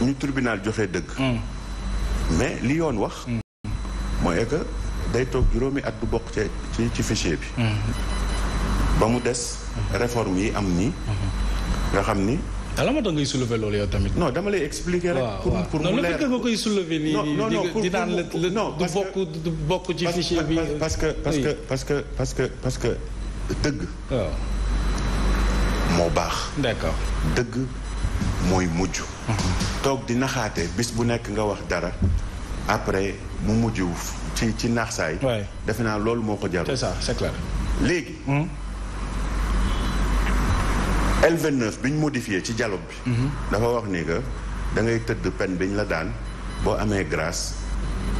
ñu tribunal joxe dëgg. Mm. mais li yoon wax. Mm. mooy que day toog juróomi at du bokk ci ci ci fichier bi. Mm. ba mu des réforme yi am nii. Mm-hmm. nga xam ni. ala ah, ma tax ngay soulever loolu yow tamit. non dama lay expliquer rek. pour pour mu leer nga koy soulever nii. non non pour du bokk du bokk ci fichier bi. parce que parce que parce que parce que parce que dëgg. Ah. moo baax. dëgg. mooy mujj toog di naxaate bis bu nekk nga wax dara après mu mujj ci ci naxsaay defe naa loolu moo ko jarul c'est ça c'est léegi hmm? L29 bi ci dialogue bi hmm. dafa wax ni que tëdd peine biñ la daan boo amee grâce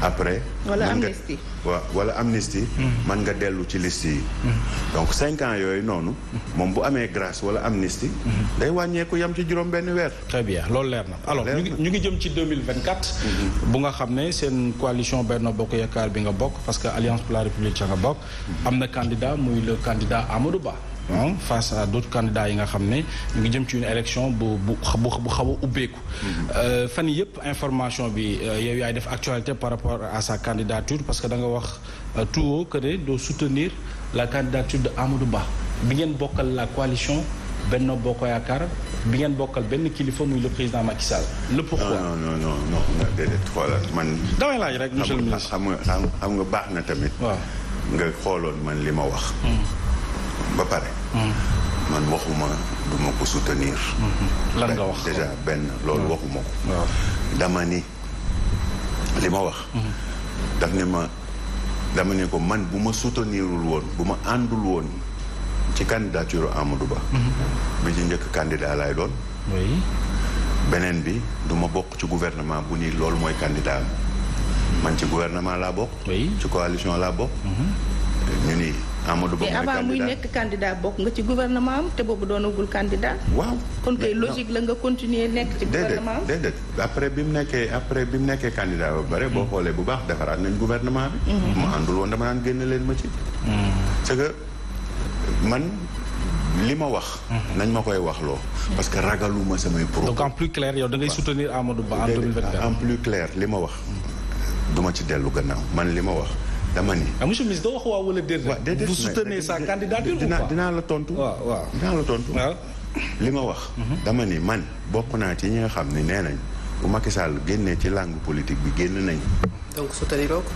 après. wala amnistie waaw wala amnistie. man hmm. nga dellu ci liste yi. Hmm. donc cinq ans yooyu noonu. moom bu amee grace wala amnistie. Hmm. day wàññeeku yam ci juróom benn weer. très bien loolu leer na alors ñu ngi ñu ngi jëm ci 2024. bu nga xam ne seen coalition benn Bokk Yaakaar bi nga bokk parce que Alliance pour la République ca nga bokk. am na candidat muy le candidat Amadou Ba. ah face à d' autres yi nga xam ne ñu ngi jëm ci une élection bu bu bu xaw a ubbeeku. Mm-hmm. Euh, fan yëpp information bi euh, yow yaay def actualité par rapport à sa candidature parce que danga wax euh, tout haut que ne doo soutenir la candidature de Amadou Ba bi ngeen bokkal la coalition. Benno Bokk Yaakaar bi ngeen bokkal benn kilifa muy le président Macky Sall. le man. damay laaj rek monsieur le ministre xam nga xam nga baax na tamit. waaw nga xooloon man li ma wax. Hmm. ba pare. Mm-hmm. man waxuma du ma ko soutenir. Mm-hmm. lan nga wax déjà benn loolu mm-hmm. waxuma ko. dama ni li ma wax. daf ne ma dama ne ko man bu ma soutenirul woon bu ma àndul woon ci candidature Amadou Ba. bi ci njëkk candidat laay doon. beneen bi duma bokk ci gouvernement bu ni loolu mooy candidat man ci gouvernement laa bokk. oui ci coalition laa bokk. ñu ni Amadou Ba mooy candidat mais avant muy nekk candidat bokk nga ci gouvernement am te boobu doonagul candidat. waaw kon kay logique la nga continuer nekk ci gouvernement am déedéet déedéet après bi mu nekkee après bi mu nekkee candidat ba bare boo mm-hmm. xoolee bu baax defaraat nañ gouvernement bi. mu mm-hmm. àndul woon dama naan génne leen ma ci. Mm-hmm. c'est que man. li ma wax. nañ ma koy wax loo parce que ragaluma samay propos. donc en plus clair yow da ngay soutenir Amadou Ba en 2024. en plus clair li ma wax. duma ci dellu gannaaw man li ma wax. dama ni. ah monsieur le ministre doo wax waaw wala déet. waaw déedéet vous soutenez sa candidature ou pas dinaa la li ma wax. Mhm. dama ni man bokk naa ci ñi nga xam ne nee nañ bu Macky Sall génnee ci langue politique bi génn nañ. donc souteniroo ko.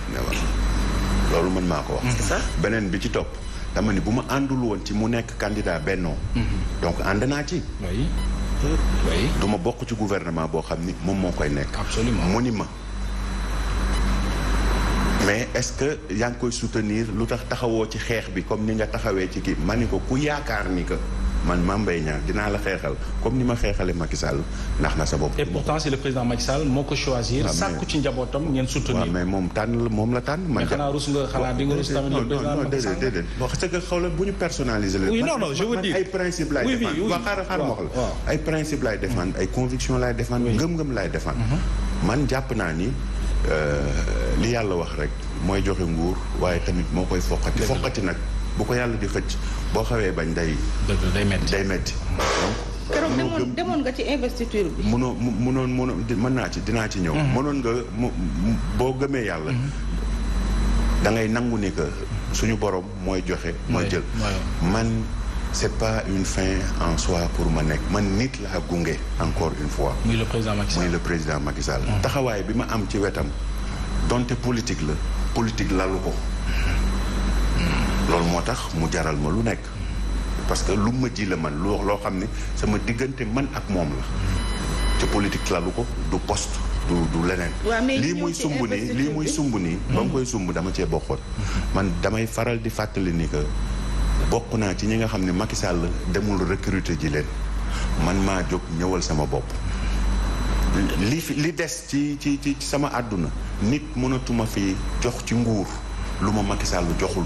loolu man maa ko wax. beneen bi ci topp. dama ni bu ma àndul woon ci mu nekk candidat bennoo mhm. donc ànd naa ci. oui. ma bokk ci gouvernement boo xam ni moom moo koy nekk. absolument mu ni ma. mais est-ce que yaa ngi koy soutenir lu tax taxawoo ci xeex bi comme ni nga taxawee ci kii ma ni ko ku yaakaar ni que man Mame Mbaye Niang dinaa la xeexal comme ni ma xeexalee Macky Sall ndax na sa bopp. et pourtant c'est le président Macky Sall moo ko choisir. sàkku ci njabootam ngeen soutenir. mais moom tànn moom la tànn. man xanaa rus nga xanaa di nga rus tamit. le président Macky Sall la bu ñu personnaliser la. oui ay la ay principe laay défendre ay conviction laay défendre. gëm-gëm laay défendre. Mhm. man jàpp naa ni Euh, li yàlla wax rek mooy joxe nguur waaye tamit moo koy foqati foqati nag bu ko yàlla di xëcc boo xawee bañ day day metti day metti keroog demoon demoon nga ci investiture bi. mënoo mënoon mënoon mën naa ci dinaa ci ñëw. Mm-hmm. mënoon nga boo gëmee yàlla. Mm-hmm. da ngay nangu ni que suñu borom mooy joxe. mooy jël man. c'est pas une fin en soi pour ma nekk man nit laa gunge encore une fois. muy le président Macky le président Macky Sall. Mm-hmm. taxawaay bi ma am ci wetam donte politique la politique lalu ko. Mm-hmm. loolu moo tax mu jaral ma lu nekk. parce que lu ma ji la man lu wax loo xam ne sama diggante man ak moom la. Mm-hmm. te politique lalu ko du poste du leneen. lii mooy sumb nii lii mooy sumb nii. ba mu koy sumb dama cee bokkoon. man damay faral di fàttali ni que. bokk naa ci ñi nga xam ne Macky Sall demul recruter ji leen man maa jóg ñëwal sama bopp. li fi li des ci ci ci sama àdduna nit mënatuma fi jox ci nguur lu ma Macky Sall joxul.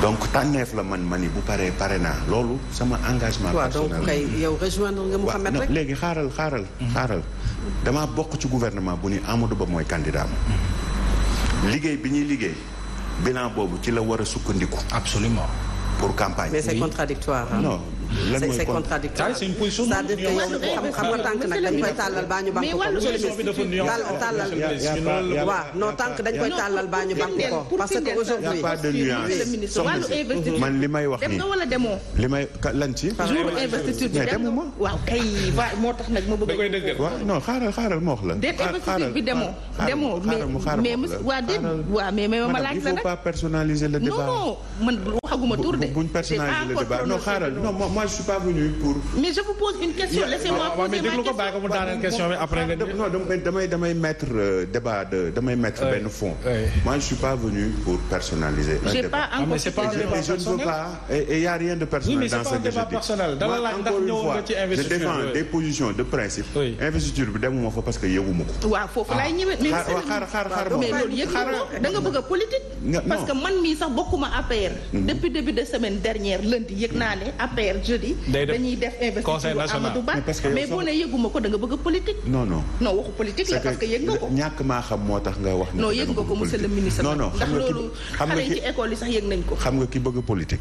donc tànneef la man ma ni bu paree pare naa loolu sama engagement. personnel waaw donc kay yow rejoindre léegi xaaral xaaral. xaaral damaa bokk ci gouvernement bu ni Amadou Ba mooy candidat mm-hmm. liggéey bi ñuy liggéey. bilan boobu ci la war a sukkandiku. absolument pour campagne. mais c'est contradictoire. non c'est contradictoire c'est une position c'est-à-dire que yow xam nga tànk nag dañ koy tàllal baa ñu bank ko tàllal waaw non tànk dañ koy tàllal baa ñu bank ko parce que aujourd'hui pas de nuance man li may wax nii li may lan ci jour investiture bi dem waaw kay moo tax nag ma bëgg waaw non xaaral xaaral ma wax la déet investiture bi demoo demoo mais mais waa déet waa mais mais ma laaj la nag il faut pas personnaliser le débat non man waxaguma tur de. buñ personnalisé le débat non xaaral non moi je suis pas venu pour. mais je vous pose une question laissez-moi poser ma question waaw waaw mais damay damay mettre euh, débat de damay mettre benn fond. moi je suis pas venu pour personnaliser. un débat ah, mais c'est pas un de personnel je défends des positions de principe. investiture bi demuma fa parce que yëguma ko. waaw foofu laay ah. ñëwee. loolu yëg da nga politique. parce que man mii sax bokkuma APR. Mm-hmm. depuis début de semaine dernière lundi yëg naa ne APR jeudi. dañuy def investiture Amadou Ba a politique. non non non waxu politique la parce que yëg nga ko. ñàkk ko monsieur le ministre. non non ndax loolu xale yi ko. xam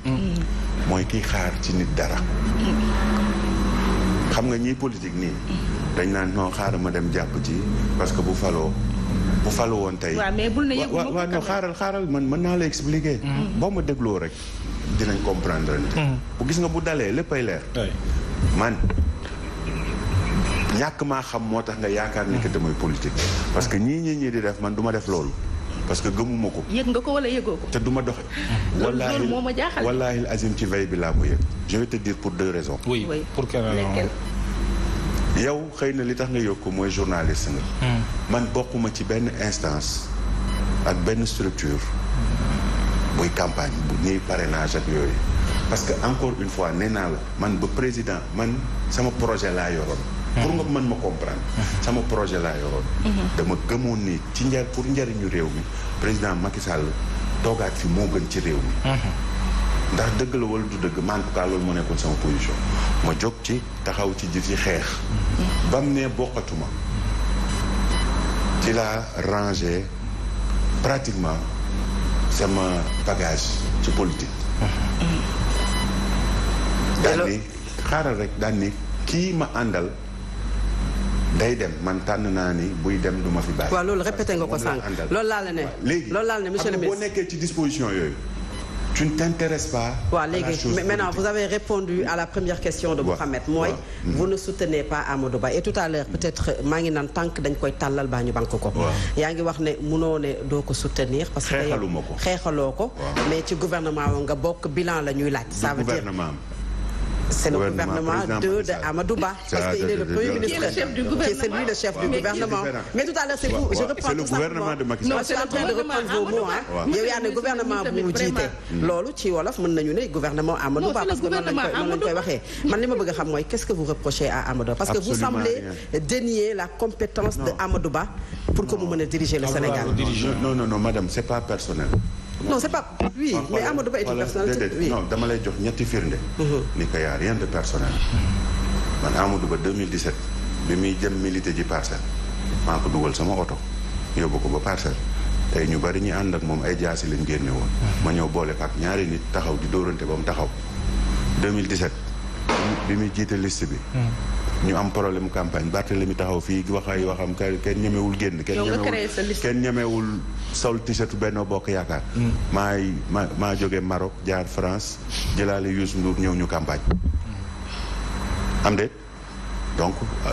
mm. mooy kiy xaar ci nit dara. Mm. xam nga ñiy politique nii. Mm. dañ naan non xaaral ma dem jàpp ci parce que bu faloo bu falu woon tey. waaw mais bul na yëngu waaw waaw non xaaral xaaral man mën naa la expliquer. Mm-hmm. boo ma dégloo rek dinañ comprendre ante mm-hmm. bu gis nga bu dalee léppay leer. man ñàkk maa xam moo tax nga yaakaar ni que mm-hmm. damay politique. parce que ñii ñii ñii di def man du ma def loolu. parce que gëmuma ko. yëg nga ko wala yëgoo ko. te du ma doxe. loolu moo ma jaaxal wallaahi wallaahi azim ci veille bi laa ko yëg. je vais te dire pour deux raisons. pour quelle yow xëy na li tax nga yokk mooy journaliste nga. Hmm. man bokkuma ci benn instance ak benn structure. buy campagne bu pare parrainage ak yooyu. parce que encore une fois nee naa la man ba président man sama projet laa yoroon. Hmm. pour nga mën ma comprendre. Hmm. sama projet laa yoroon. dama gëmoon ni ci njar pour njariñu réew mi président Macky Sall toogaat fi moo gën ci réew mi. ndax dëgg la wala du dëgg man en tout cas loolu moo nekkoon sama position ma jóg ci taxaw ci ji ci xeex. bam ne boqatuma ci la rangé pratiquement sama bagage ci politique. daan ni xaaral rek daan ni kii ma àndal day dem man tànn naa ni buy dem du ma fi bàyyi. waaw loolu répété nga ko sànq. loolu laa ne. léegi loolu laa la ne boo nekkee ci disposition yooyu. tu ne t'intéresses pas. waaw léegi maintenant vous avez répondu à la première question de Mouhamed mooy mm. vous ne soutenez pas Amadou Ba et tout à l'heure peut-être maa ngi naan tànk dañ koy tàllal baa ñu banque ko yaa ngi wax ne munoo ne doo ko soutenir parce que xeexaluma ko xeexaloo ko mais ci gouvernement wo nga bokk bilan la ñuy laaj ça veut am C'est le gouvernement de, de Amadou Ba. Parce qu'il est le premier ministre. C'est lui le chef Mais tout à l'heure, c'est le gouvernement de Macky Sall. Non, je suis de reprendre vos mots. gouvernement bu jiite. loolu ci wolof nañu ne gouvernement Amadou Ba. parce que noonu lañ koy waxee. man ma bëgg xam mooy qu'est-ce que vous reprochez à Amadou parce que vous semblez dénier la compétence de Amadou Ba pour que mu mën a diriger le Sénégal. non non non madame c'est pas personnel. non c'est pas oui mais Amadou Ba est une dama lay jox ñetti firnde. Mm-hmm. ni que y a de personnel. man Amadou Ba 2017 bi muy jëm milité ji parcelle maa ko dugal sama oto yóbbu ko ba parcelle tey ñu bari ñu ànd ak moom ay jaasi lañ génne ma ñëw boole ak ñaari nit taxaw di dóorante ba mu taxaw. 2017 bi muy jiite liste bi. Mm. ñu am problème campagne Barthélemy taxaw fii wax ay waxam kenn ñemewul génn. kenn ñemewul kenn ñemewul. sol t-shirt Benno Bokk Yaakaar. Mm. maay ma maa jógee Maroc jaar France jëlaale Youssou Ndour ñëw ñu campagne. Mm. am donc euh,